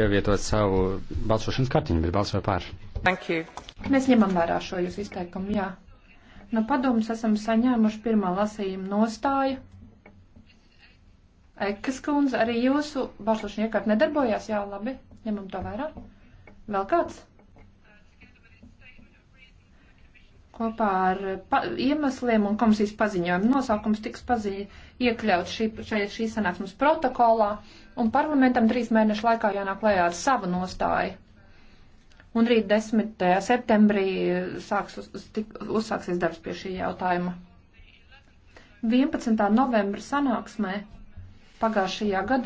ievietot savu balsošanas kartiņu, bet balsoju pār. Thank you. Mēs ņemam vērā šo jūsu izteikumu, jā. No padomus esam saņēmuši pirmā lasījuma nostāju. Ekas kundze, arī jūsu balsošana iekārt nedarbojās, jā, labi, ņemam to vērā. Vēl kāds? kopā ar iemesliem un komisijas paziņojumu. Nosaukums tiks paziņ, iekļauts šī, šai, šī sanāksmes protokolā, un parlamentam trīs mēnešu laikā jānāk lejā ar savu nostāju. Un rīt 10. septembrī sāks, uz, tik, uzsāksies darbs pie šī jautājuma. 11. novembra sanāksmē pagājušajā gadā.